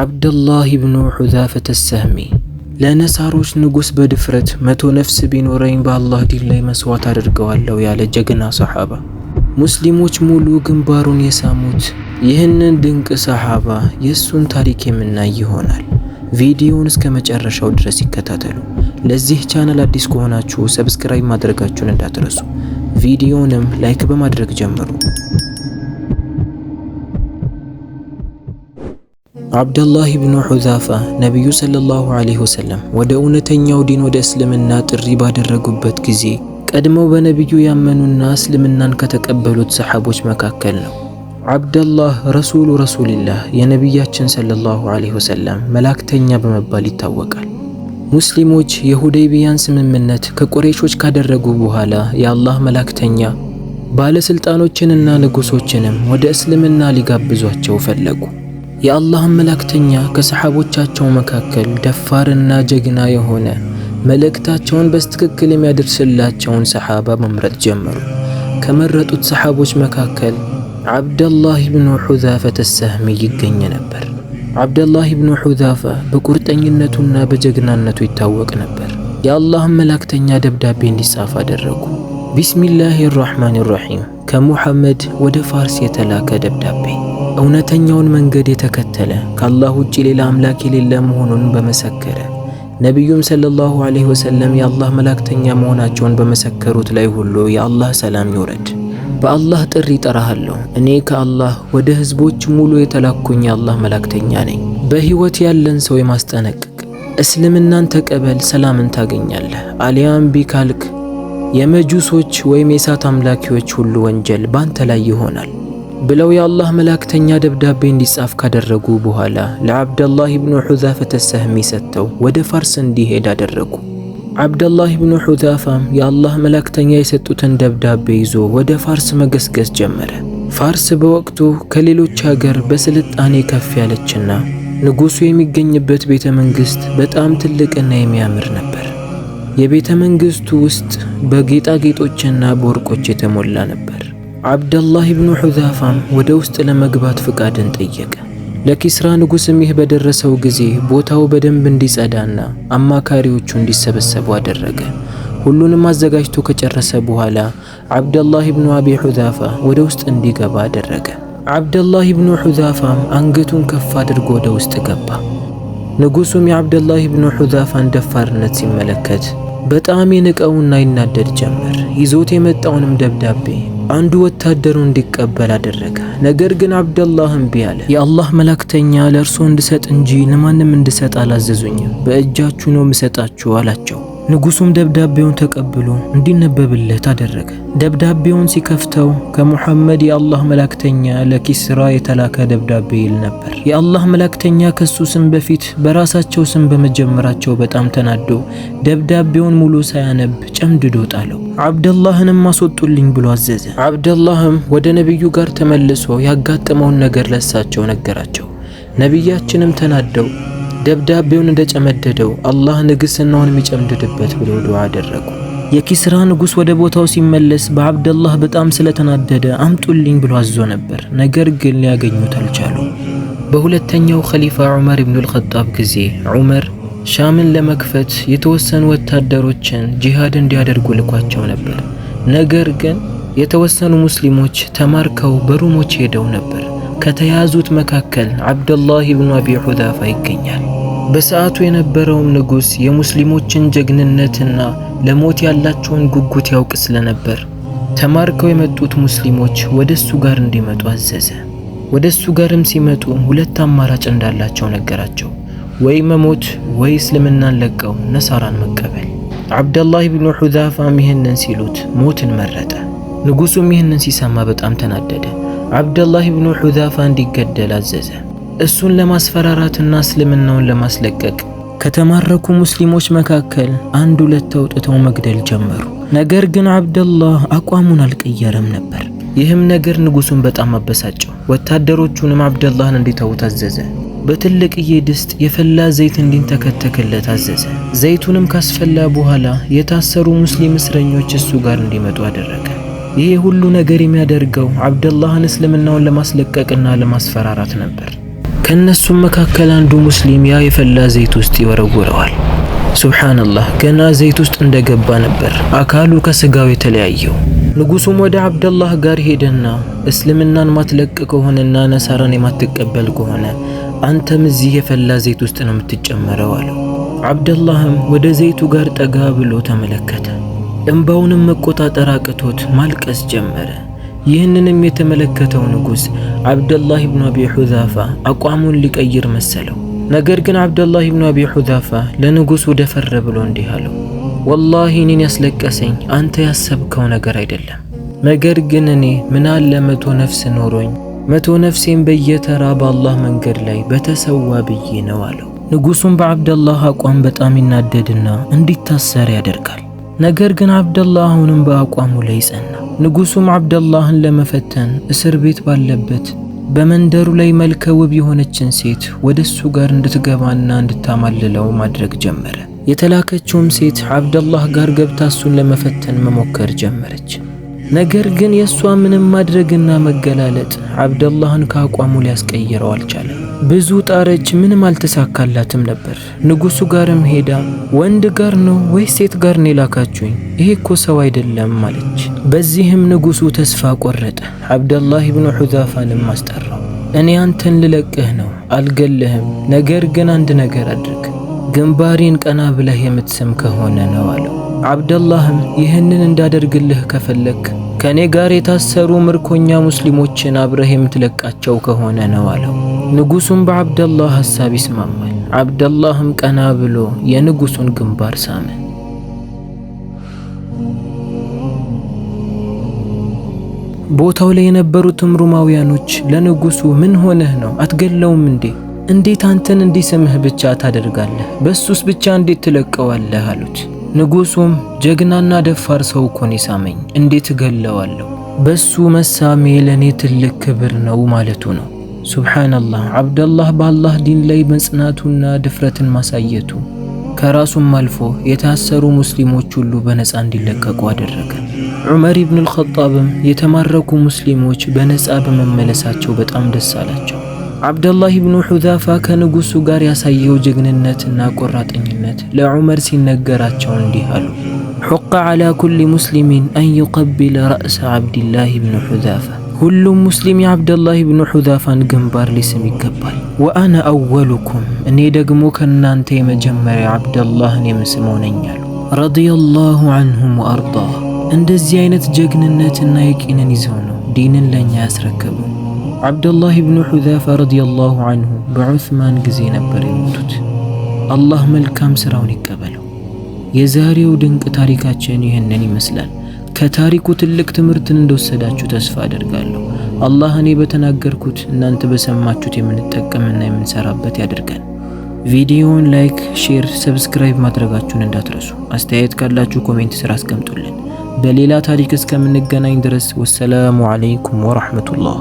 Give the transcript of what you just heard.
አብደላህ ኢብኑ ሑዛፈተ ሰህሚ ለነሳሮች ንጉስ በድፍረት መቶ ነፍስ ቢኖረኝ በአላህ ዲን ላይ መስዋዕት አድርገዋለሁ ያለ ጀግና ሰሓባ። ሙስሊሞች ሙሉ ግንባሩን የሳሙት ይህንን ድንቅ ሰሓባ የእሱን ታሪክ የምናይ ይሆናል። ቪዲዮውን እስከ መጨረሻው ድረስ ይከታተሉ። ለዚህ ቻናል አዲስ ከሆናችሁ ሰብስክራይብ ማድረጋችሁን እንዳትረሱ። ቪዲዮውንም ላይክ በማድረግ ጀምሩ። አብደላህ ብኑ ሑዛፋ ነቢዩ ሰለላሁ ዐለይሂ ወሰለም ወደ እውነተኛው ዲን ወደ እስልምና ጥሪ ባደረጉበት ጊዜ ቀድመው በነቢዩ ያመኑና እስልምናን ከተቀበሉት ሰሓቦች መካከል ነው። አብደላህ ረሱሉ ረሱልላህ የነቢያችን ሰለላሁ ዐለይሂ ወሰለም መላእክተኛ በመባል ይታወቃል። ሙስሊሞች የሁደይቢያን ስምምነት ከቁሬሾች ካደረጉ በኋላ የአላህ መላእክተኛ ባለሥልጣኖችንና ንጉሶችንም ወደ እስልምና ሊጋብዟቸው ፈለጉ። የአላህም መላእክተኛ ከሰሓቦቻቸው መካከል ደፋርና ጀግና የሆነ መልእክታቸውን በስትክክል የሚያደርስላቸውን ሰሓባ መምረጥ ጀመሩ። ከመረጡት ሰሓቦች መካከል ዓብደላህ ብኑ ሑዛፈተ ሰህሚ ይገኝ ነበር። ዓብደላህ ብኑ ሑዛፋ በቁርጠኝነቱና በጀግናነቱ ይታወቅ ነበር። የአላህም መላእክተኛ ደብዳቤ እንዲጻፍ አደረጉ። ቢስሚላህ ራሕማን ራሒም ከሙሐመድ ወደ ፋርስ የተላከ ደብዳቤ እውነተኛውን መንገድ የተከተለ ከአላህ ውጭ ሌላ አምላክ የሌለ መሆኑን በመሰከረ ነቢዩም ሰለላሁ ዐለይሂ ወሰለም የአላህ መላእክተኛ መሆናቸውን በመሰከሩት ላይ ሁሉ የአላህ ሰላም ይውረድ። በአላህ ጥሪ ጠራሃለሁ። እኔ ከአላህ ወደ ህዝቦች ሙሉ የተላኩኝ የአላህ መላእክተኛ ነኝ። በህይወት ያለን ሰው የማስጠነቅቅ እስልምናን ተቀበል፣ ሰላምን ታገኛለህ። አሊያም ቢካልክ የመጁሶች ወይም የእሳት አምላኪዎች ሁሉ ወንጀል ባንተ ላይ ይሆናል። ብለው የአላህ መላእክተኛ ደብዳቤ እንዲጻፍ ካደረጉ በኋላ ለዓብደላህ ብኑ ሑዛፈተ ሰህሚ ሰጥተው ወደ ፋርስ እንዲሄድ አደረጉ። ዓብደላህ ብኑ ሑዛፋም የአላህ መላእክተኛ የሰጡትን ደብዳቤ ይዞ ወደ ፋርስ መገስገስ ጀመረ። ፋርስ በወቅቱ ከሌሎች ሀገር በስልጣኔ ከፍ ያለችና ንጉሡ የሚገኝበት ቤተ መንግሥት በጣም ትልቅና የሚያምር ነበር። የቤተ መንግሥቱ ውስጥ በጌጣጌጦችና በወርቆች የተሞላ ነበር። አብደላህ ብኑ ሑዛፋም ወደ ውስጥ ለመግባት ፍቃድን ጠየቀ። ለኪስራ ንጉሥም ይህ በደረሰው ጊዜ ቦታው በደንብ እንዲጸዳና አማካሪዎቹ እንዲሰበሰቡ አደረገ። ሁሉንም አዘጋጅቶ ከጨረሰ በኋላ አብደላህ ብኑ አቢ ሑዛፋ ወደ ውስጥ እንዲገባ አደረገ። አብደላህ ብኑ ሑዛፋም አንገቱን ከፍ አድርጎ ወደ ውስጥ ገባ። ንጉሡም የአብደላህ ብኑ ሑዛፋን ደፋርነት ሲመለከት በጣም የንቀውና ይናደድ ጀመር። ይዞት የመጣውንም ደብዳቤ አንዱ ወታደሩ እንዲቀበል አደረገ። ነገር ግን አብደላህ እምቢ አለ። የአላህ መላክተኛ ለእርሶ እንድሰጥ እንጂ ለማንም እንድሰጥ አላዘዙኝም፣ በእጃችሁ ነው ምሰጣችሁ አላቸው። ንጉሱም ደብዳቤውን ተቀብሎ እንዲነበብለት አደረገ። ደብዳቤውን ሲከፍተው ከሙሐመድ የአላህ መላእክተኛ ለኪስራ የተላከ ደብዳቤ ይል ነበር። የአላህ መላእክተኛ ከሱ ስም በፊት በራሳቸው ስም በመጀመራቸው በጣም ተናዶ ደብዳቤውን ሙሉ ሳያነብ ጨምድዶ ጣለው። አብደላህንም አስወጡልኝ ብሎ አዘዘ። አብደላህም ወደ ነቢዩ ጋር ተመልሶ ያጋጠመውን ነገር ለሳቸው ነገራቸው። ነቢያችንም ተናደው ደብዳቤውን እንደጨመደደው አላህ ንግሥናውን የሚጨምድድበት ብለው ዱዓ አደረጉ። የኪስራ ንጉሥ ወደ ቦታው ሲመለስ በአብደላህ በጣም ስለተናደደ አምጡልኝ ብሎ አዞ ነበር። ነገር ግን ሊያገኙት አልቻሉ። በሁለተኛው ኸሊፋ ዑመር ኢብኑል ኸጣብ ጊዜ ዑመር ሻምን ለመክፈት የተወሰኑ ወታደሮችን ጂሃድ እንዲያደርጉ ልኳቸው ነበር። ነገር ግን የተወሰኑ ሙስሊሞች ተማርከው በሩሞች ሄደው ነበር። ከተያዙት መካከል አብደላህ ብኑ አቢ ሑዛፋ ይገኛል። በሰዓቱ የነበረውም ንጉሥ የሙስሊሞችን ጀግንነትና ለሞት ያላቸውን ጉጉት ያውቅ ስለነበር ተማርከው የመጡት ሙስሊሞች ወደ እሱ ጋር እንዲመጡ አዘዘ። ወደ እሱ ጋርም ሲመጡ ሁለት አማራጭ እንዳላቸው ነገራቸው። ወይ መሞት ወይ እስልምናን ለቀው ነሳራን መቀበል። አብደላህ ብኑ ሑዛፋም ይህንን ሲሉት ሞትን መረጠ። ንጉሡም ይህንን ሲሰማ በጣም ተናደደ። አብደላህ ብኑ ሑዛፋ እንዲገደል አዘዘ። እሱን ለማስፈራራትና እስልምናውን ለማስለቀቅ ከተማረኩ ሙስሊሞች መካከል አንድ ሁለት አውጥተው መግደል ጀመሩ። ነገር ግን አብደላህ አቋሙን አልቀየረም ነበር። ይህም ነገር ንጉሱን በጣም አበሳጨው። ወታደሮቹንም አብደላህን እንዲተው ታዘዘ። በትልቅዬ ድስት የፈላ ዘይት እንዲንተከተክለት አዘዘ። ዘይቱንም ካስፈላ በኋላ የታሰሩ ሙስሊም እስረኞች እሱ ጋር እንዲመጡ አደረገ። ይህ ሁሉ ነገር የሚያደርገው አብደላህን እስልምናውን ለማስለቀቅና ለማስፈራራት ነበር። ከእነሱም መካከል አንዱ ሙስሊም ያ የፈላ ዘይት ውስጥ ይወረውረዋል። ሱብሓነላህ ገና ዘይት ውስጥ እንደገባ ነበር አካሉ ከስጋው የተለያየው። ንጉሱም ወደ አብደላህ ጋር ሄደና እስልምናን ማትለቅ ከሆነና ነሳራን የማትቀበል ከሆነ አንተም እዚህ የፈላ ዘይት ውስጥ ነው የምትጨመረው አለው። አብደላህም ወደ ዘይቱ ጋር ጠጋ ብሎ ተመለከተ። እንባውንም መቆጣጠር አቅቶት ማልቀስ ጀመረ። ይህንንም የተመለከተው ንጉሥ አብደላህ ብኑ አቢ ሑዛፋ አቋሙን ሊቀይር መሰለው። ነገር ግን አብደላህ ብኑ አቢ ሑዛፋ ለንጉሥ ደፈር ብሎ እንዲህ አለው፣ ወላሂ እኔን ያስለቀሰኝ አንተ ያሰብከው ነገር አይደለም። ነገር ግን እኔ ምናል መቶ ነፍስ ኖሮኝ መቶ ነፍሴን በየተራ በአላህ መንገድ ላይ በተሰዋ ብዬ ነው አለው። ንጉሡም በአብደላህ አቋም በጣም ይናደድና እንዲታሰር ያደርጋል። ነገር ግን አብደላህ አሁንም በአቋሙ ላይ ጸና። ንጉሱም አብደላህን ለመፈተን እስር ቤት ባለበት በመንደሩ ላይ መልከ ውብ የሆነችን ሴት ወደ እሱ ጋር እንድትገባና እንድታማልለው ማድረግ ጀመረ። የተላከችውም ሴት አብደላህ ጋር ገብታ እሱን ለመፈተን መሞከር ጀመረች። ነገር ግን የእሷ ምንም ማድረግና መገላለጥ አብደላህን ከአቋሙ ሊያስቀይረው አልቻለም። ብዙ ጣረች፣ ምንም አልተሳካላትም ነበር። ንጉሱ ጋርም ሄዳ ወንድ ጋር ነው ወይስ ሴት ጋር ነው የላካችሁኝ? ይሄ እኮ ሰው አይደለም አለች። በዚህም ንጉሱ ተስፋ ቆረጠ። አብደላህ ብኑ ሑዛፋንም አስጠራው። እኔ አንተን ልለቅህ ነው፣ አልገልህም። ነገር ግን አንድ ነገር አድርግ፣ ግንባሬን ቀና ብለህ የምትስም ከሆነ ነው አለው። አብደላህም ይህንን እንዳደርግልህ ከፈለግ ከእኔ ጋር የታሰሩ ምርኮኛ ሙስሊሞችን አብረህ የምትለቃቸው ከሆነ ነው አለው። ንጉሱም በአብደላህ ሐሳብ ይስማማል። አብደላህም ቀና ብሎ የንጉሱን ግንባር ሳመ። ቦታው ላይ የነበሩትም ሩማውያኖች ለንጉሱ ምን ሆነህ ነው? አትገለውም እንዴ? እንዴት አንተን እንዲስምህ ብቻ ታደርጋለህ? በሱስ ብቻ እንዴት ትለቀዋለህ? አሉት። ንጉሱም ጀግናና ደፋር ሰው ኮን ይሳመኝ፣ እንዴት እገለዋለሁ? በሱ መሳሜ ለእኔ ትልቅ ክብር ነው ማለቱ ነው። ሱብሓነላህ አብደላህ በአላህ ዲን ላይ መጽናቱና ድፍረትን ማሳየቱ ከራሱም አልፎ የታሰሩ ሙስሊሞች ሁሉ በነፃ እንዲለቀቁ አደረገ። ዑመር ኢብኑል ኸጣብም የተማረኩ ሙስሊሞች በነፃ በመመለሳቸው በጣም ደስ አላቸው። አብደላህ ብኑ ሑዛፋ ከንጉሱ ጋር ያሳየው ጀግንነትና ቆራጠኝነት ለዑመር ሲነገራቸው እንዲህ አሉ። ሑቀ ዓላ ኩሊ ሙስሊሚን አን ዩቀቢለ ረእሰ አብድላህ ብኑ ሑዛፋ፣ ሁሉም ሙስሊም የአብደላህ ብኑ ሑዛፋን ግንባር ሊስም ይገባል። ወአነ አወሉኩም፣ እኔ ደግሞ ከእናንተ የመጀመሪያ አብደላህን የምስም ሆነኛሉ። ረዲየላሁ አንሁም ወአርዳ። እንደዚህ አይነት ጀግንነትና የቂንን ይዘው ነው ዲንን ለእኛ ያስረከቡ። አብደላህ ብኑ ሑዛፋ ረዲየላሁ አንሁ በዑስማን ጊዜ ነበር የሞቱት። አላህ መልካም ሥራውን ይቀበለው። የዛሬው ድንቅ ታሪካችን ይህንን ይመስላል። ከታሪኩ ትልቅ ትምህርትን እንደወሰዳችሁ ተስፋ አደርጋለሁ። አላህ እኔ በተናገርኩት እናንተ በሰማችሁት የምንጠቀምና የምንሰራበት ያደርጋል። ቪዲዮውን ላይክ፣ ሼር፣ ሰብስክራይብ ማድረጋችሁን እንዳትረሱ። አስተያየት ካላችሁ ኮሜንት ስራ አስቀምጡልን። በሌላ ታሪክ እስከምንገናኝ ድረስ ወሰላሙ አለይኩም ወራህመቱላህ።